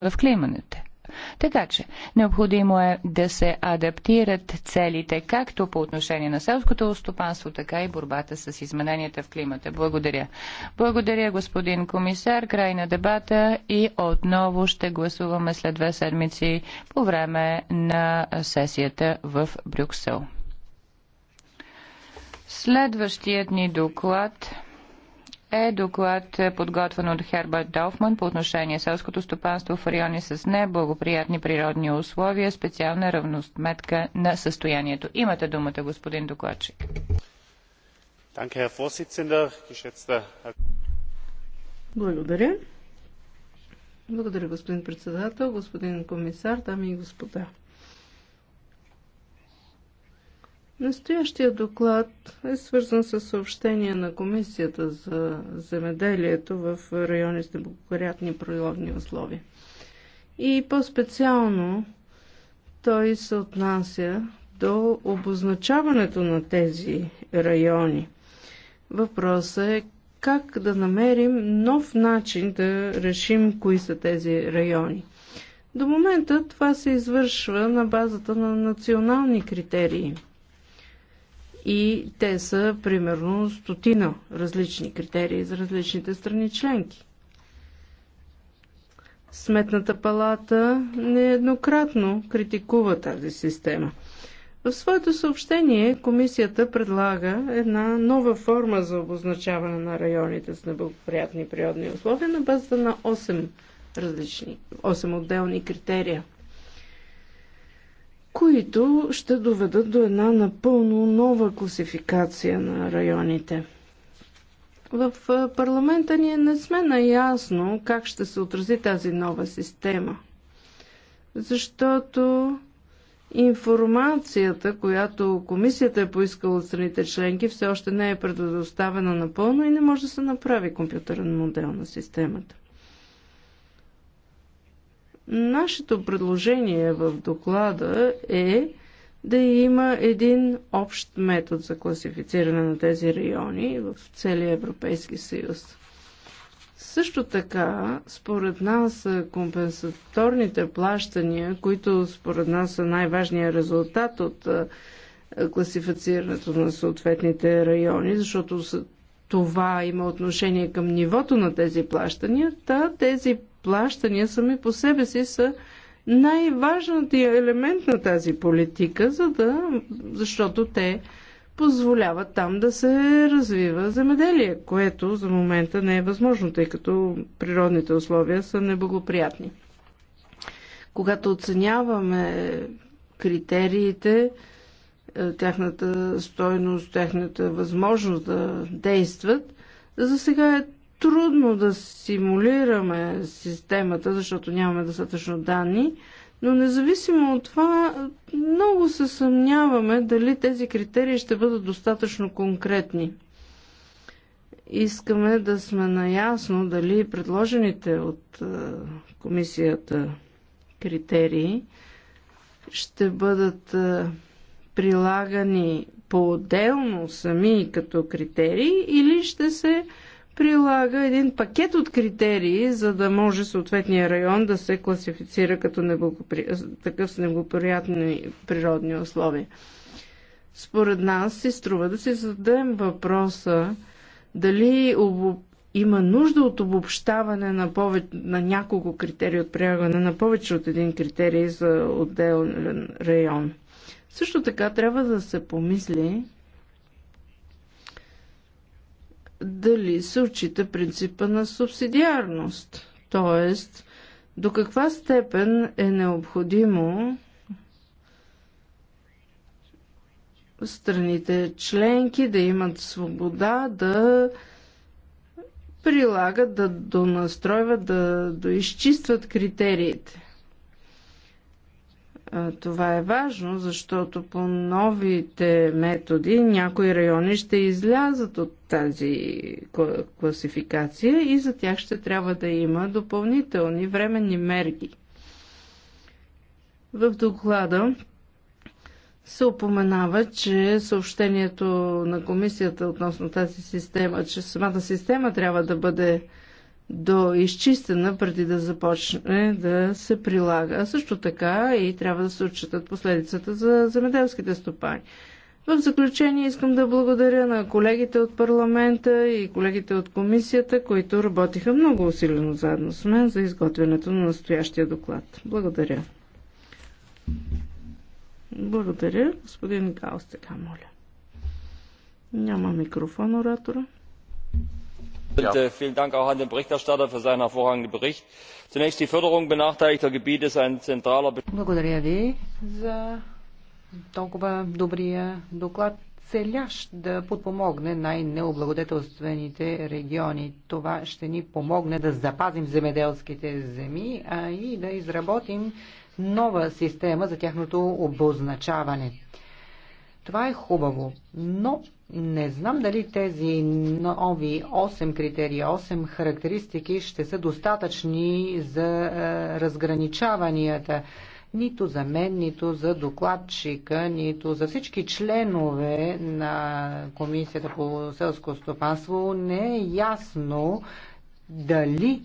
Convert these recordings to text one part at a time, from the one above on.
в климаните. Така че, необходимо е да се адаптират целите, както по отношение на селското стопанство, така и борбата с измененията в климата. Благодаря. Благодаря, господин комисар. Край на дебата и отново ще гласуваме след две седмици по време на сесията в Брюксел. Следващият ни доклад е доклад е, подготвен от Херберт Долфман по отношение селското стопанство в райони с неблагоприятни природни условия, специална равносметка на състоянието. Имате думата, господин докладчик. Благодаря. Благодаря, господин председател, господин комисар, дами и господа. Настоящия доклад е свързан с съобщение на Комисията за земеделието в райони с неблагоприятни природни условия. И по-специално той се отнася до обозначаването на тези райони. Въпросът е как да намерим нов начин да решим кои са тези райони. До момента това се извършва на базата на национални критерии – и те са примерно стотина различни критерии за различните страни членки. Сметната палата нееднократно критикува тази система. В своето съобщение комисията предлага една нова форма за обозначаване на районите с неблагоприятни природни условия на базата на 8 различни, 8 отделни критерия – които ще доведат до една напълно нова класификация на районите. В парламента ние не сме наясно как ще се отрази тази нова система, защото информацията, която комисията е поискала от страните членки, все още не е предоставена напълно и не може да се направи компютърен модел на системата. Нашето предложение в доклада е да има един общ метод за класифициране на тези райони в целия Европейски съюз. Също така, според нас, компенсаторните плащания, които според нас са най-важният резултат от класифицирането на съответните райони, защото това има отношение към нивото на тези плащания, та тези плащания сами по себе си са най-важният елемент на тази политика, за да, защото те позволяват там да се развива земеделие, което за момента не е възможно, тъй като природните условия са неблагоприятни. Когато оценяваме критериите, е, тяхната стойност, тяхната възможност да действат, за сега е трудно да симулираме системата, защото нямаме достатъчно данни, но независимо от това, много се съмняваме дали тези критерии ще бъдат достатъчно конкретни. Искаме да сме наясно дали предложените от е, комисията критерии ще бъдат е, прилагани по-отделно сами като критерии или ще се прилага един пакет от критерии, за да може съответния район да се класифицира като неблагопри... такъв с неблагоприятни природни условия. Според нас се струва да си зададем въпроса дали об... има нужда от обобщаване на, пове... на няколко критерии, от прилагане на повече от един критерий за отделен район. Също така трябва да се помисли дали се отчита принципа на субсидиарност. т.е. до каква степен е необходимо страните членки да имат свобода да прилагат, да донастройват, да доизчистват критериите. Това е важно, защото по новите методи някои райони ще излязат от тази класификация и за тях ще трябва да има допълнителни временни мерки. В доклада се упоменава, че съобщението на комисията относно тази система, че самата система трябва да бъде до изчистена преди да започне да се прилага. А също така и трябва да се отчитат последицата за земеделските стопани. В заключение искам да благодаря на колегите от парламента и колегите от комисията, които работиха много усилено заедно с мен за изготвянето на настоящия доклад. Благодаря. Благодаря. Господин Гаус, така моля. Няма микрофон оратора. Äh, vielen dank auch an den berichterstatter für seinen hervorragenden bericht. zunächst die förderung benachteiligter gebiete ist ein zentraler. благодаря ви за толкова добрия доклад целящ да подпомогне най-необлагодетелствените региони. Това ще ни помогне да запазим земеделските земи, а и да изработим нова система за тяхното обозначаване. Това е хубаво, но не знам дали тези нови 8 критерии, 8 характеристики ще са достатъчни за е, разграничаванията нито за мен, нито за докладчика, нито за всички членове на Комисията по селско стопанство не е ясно дали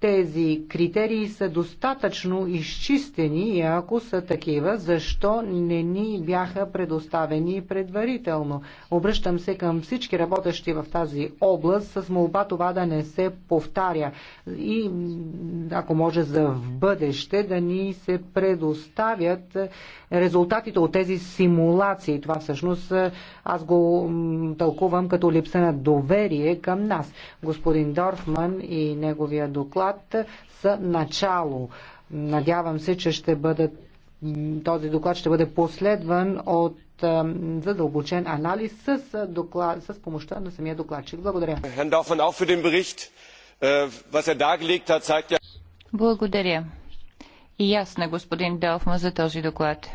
тези критерии са достатъчно изчистени и ако са такива, защо не ни бяха предоставени предварително? Обръщам се към всички работещи в тази област с молба това да не се повтаря и ако може за в бъдеще да ни се предоставят резултатите от тези симулации. Това всъщност аз го тълкувам като липса на доверие към нас. Господин Дорфман и неговия доклад доклад са начало. Надявам се, че ще бъдат, този доклад ще бъде последван от задълбочен анализ с, доклад, с помощта на самия докладчик. Благодаря. Äh, er Благодаря. И аз на господин Делфман за този доклад.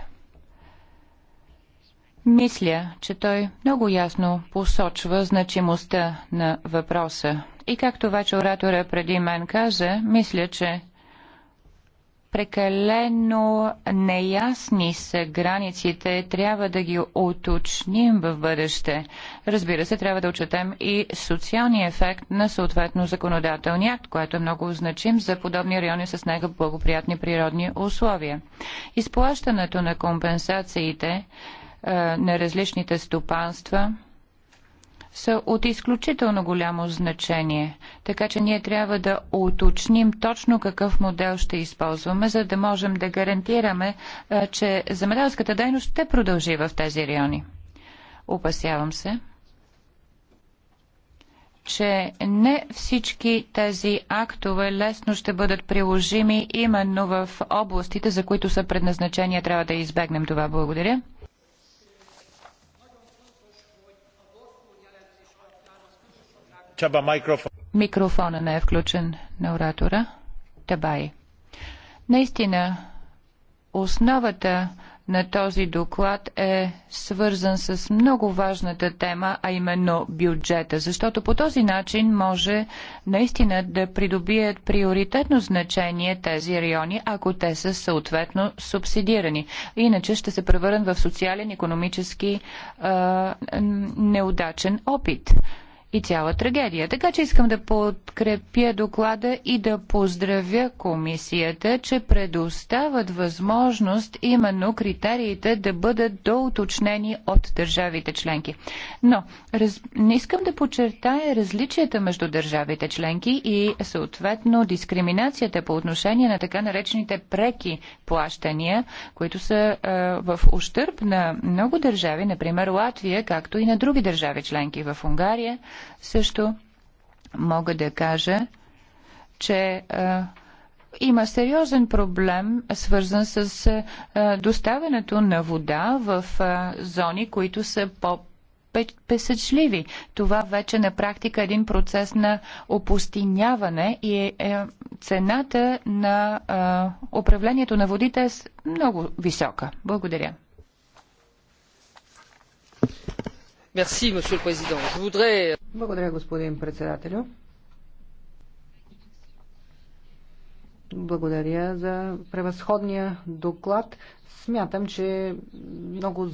Мисля, че той много ясно посочва значимостта на въпроса. И както вече оратора преди мен каза, мисля, че прекалено неясни са границите, трябва да ги уточним в бъдеще. Разбира се, трябва да отчетем и социалния ефект на съответно законодателния акт, което е много значим за подобни райони с него благоприятни природни условия. Изплащането на компенсациите е, на различните стопанства са от изключително голямо значение, така че ние трябва да уточним точно какъв модел ще използваме, за да можем да гарантираме, е, че земеделската дейност ще продължи в тези райони. Опасявам се, че не всички тези актове лесно ще бъдат приложими именно в областите, за които са предназначения. Трябва да избегнем това. Благодаря. Микрофона не е включен на оратора. Табай. Наистина, основата на този доклад е свързан с много важната тема, а именно бюджета, защото по този начин може наистина да придобият приоритетно значение тези райони, ако те са съответно субсидирани. Иначе ще се превърнат в социален, економически е, неудачен опит и цяла трагедия. Така че искам да подкрепя доклада и да поздравя комисията, че предоставят възможност именно критериите да бъдат доуточнени от държавите членки. Но раз... не искам да подчертая различията между държавите членки и съответно дискриминацията по отношение на така наречените преки плащания, които са е, в ущърп на много държави, например Латвия, както и на други държави членки в Унгария. Също мога да кажа, че а, има сериозен проблем, свързан с а, доставянето на вода в а, зони, които са по песъчливи. Това вече на практика е един процес на опустиняване и е, е, цената на е, управлението на водите е много висока. Благодаря. Благодаря, господин председателю. Благодаря за превъзходния доклад. Смятам, че много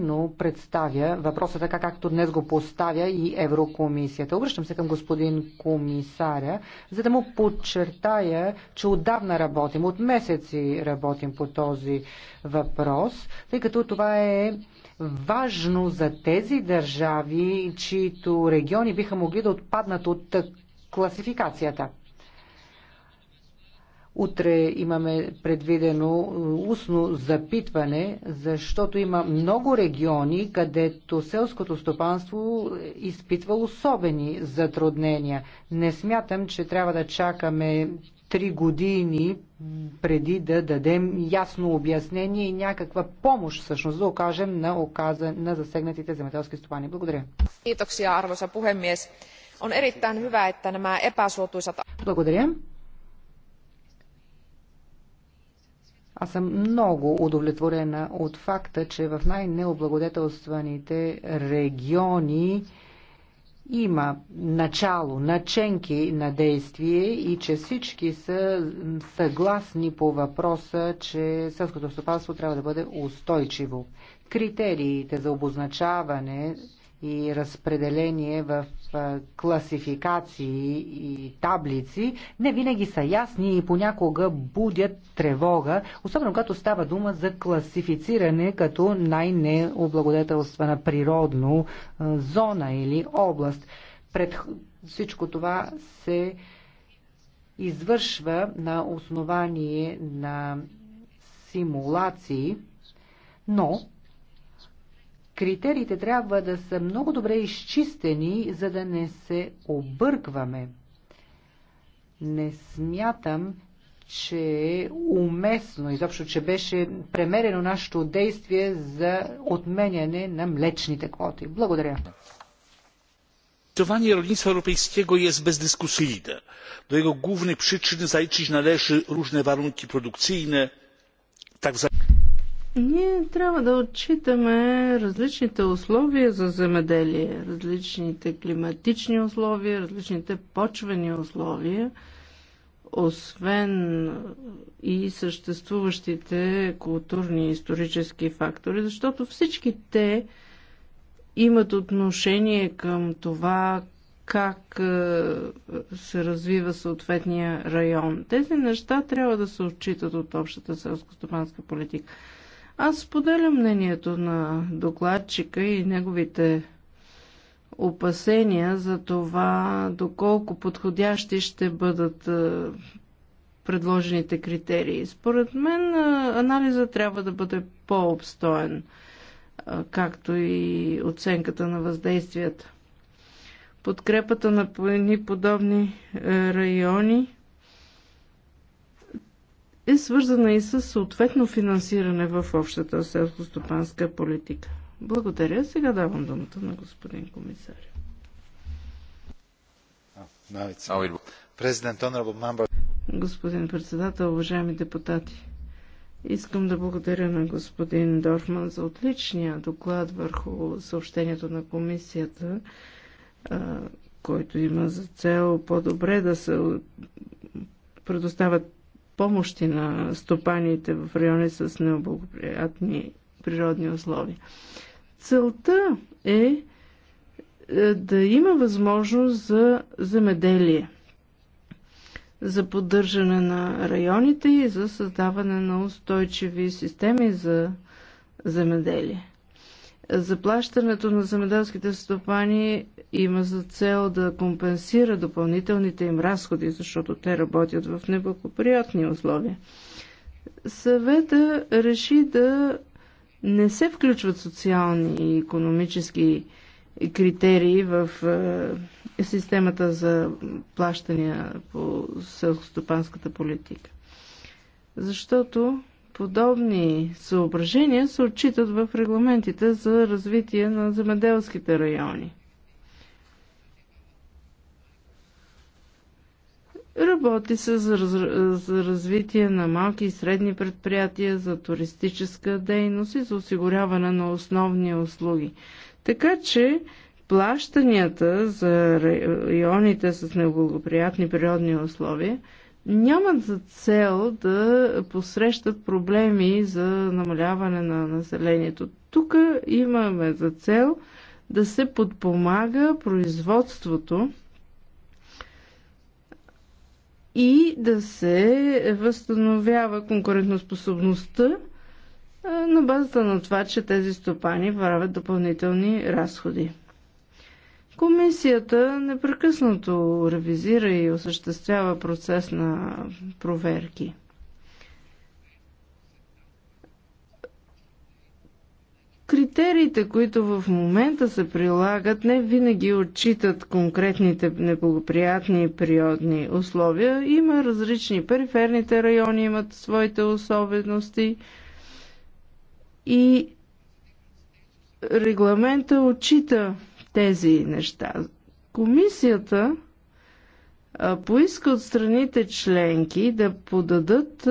но представя въпроса така, както днес го поставя и Еврокомисията. Обръщам се към господин комисаря, за да му подчертая, че отдавна работим, от месеци работим по този въпрос, тъй като това е важно за тези държави, чието региони биха могли да отпаднат от класификацията. Утре имаме предвидено устно запитване, защото има много региони, където селското стопанство изпитва особени затруднения. Не смятам, че трябва да чакаме три години преди да дадем ясно обяснение и някаква помощ всъщност да окажем на, оказа, на засегнатите земеделски стопани. Благодаря. Благодаря. Аз съм много удовлетворена от факта, че в най-необлагодетелстваните региони има начало, наченки на действие и че всички са съгласни по въпроса, че селското стопанство трябва да бъде устойчиво. Критериите за обозначаване и разпределение в класификации и таблици не винаги са ясни и понякога будят тревога, особено когато става дума за класифициране като най-необлагодетелствана природно зона или област. Пред всичко това се извършва на основание на симулации, но Критериите трябва да са много добре изчистени, за да не се объркваме. Не смятам, че е уместно, изобщо, че беше премерено нашето действие за отменяне на млечните квоти. Благодаря. Finansowanie rolnictwa europejskiego jest bezdyskusyjne. Do jego głównych przyczyn zaliczyć należy różne warunki produkcyjne, tak ние трябва да отчитаме различните условия за земеделие, различните климатични условия, различните почвени условия, освен и съществуващите културни и исторически фактори, защото всички те имат отношение към това как е, се развива съответния район. Тези неща трябва да се отчитат от общата селско-стопанска политика. Аз споделя мнението на докладчика и неговите опасения за това доколко подходящи ще бъдат е, предложените критерии. Според мен е, анализа трябва да бъде по-обстоен, е, както и оценката на въздействията. Подкрепата на подобни райони е свързана и с съответно финансиране в общата селскостопанска политика. Благодаря. Сега давам думата на господин комисар. Господин председател, уважаеми депутати, искам да благодаря на господин Дорфман за отличния доклад върху съобщението на комисията, който има за цел по-добре да се предоставят помощи на стопаните в райони с необлагоприятни природни условия. Целта е, е да има възможност за земеделие, за поддържане на районите и за създаване на устойчиви системи за земеделие. Заплащането на земеделските стопани има за цел да компенсира допълнителните им разходи, защото те работят в неблагоприятни условия. Съвета реши да не се включват социални и економически критерии в е, системата за плащания по селскостопанската политика. Защото Подобни съображения се отчитат в регламентите за развитие на земеделските райони. Работи се за, за развитие на малки и средни предприятия, за туристическа дейност и за осигуряване на основни услуги. Така че плащанията за районите с неблагоприятни природни условия – нямат за цел да посрещат проблеми за намаляване на населението. Тук имаме за цел да се подпомага производството и да се възстановява конкурентоспособността на базата на това, че тези стопани правят допълнителни разходи. Комисията непрекъснато ревизира и осъществява процес на проверки. Критериите, които в момента се прилагат, не винаги отчитат конкретните неблагоприятни природни условия. Има различни периферните райони, имат своите особености и регламента отчита тези неща. Комисията поиска от страните членки да подадат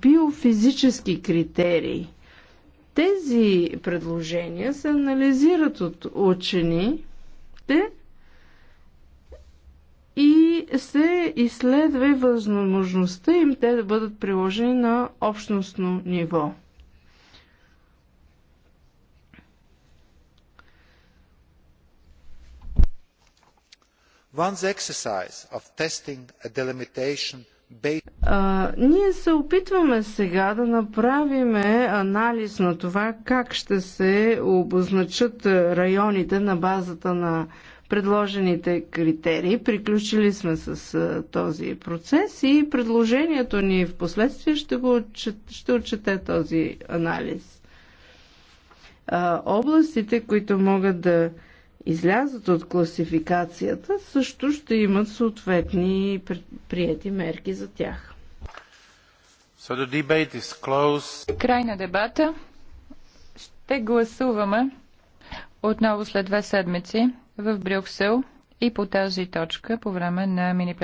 биофизически критерии. Тези предложения се анализират от учените и се изследва и възможността им те да бъдат приложени на общностно ниво. Once exercise of testing a delimitation а, ние се опитваме сега да направим анализ на това как ще се обозначат районите на базата на предложените критерии. Приключили сме с този процес и предложението ни в последствие ще, го отчет, ще отчете този анализ. областите, които могат да излязат от класификацията, също ще имат съответни прияти мерки за тях. So Край на дебата. Ще гласуваме отново след две седмици в Брюксел и по тази точка по време на мини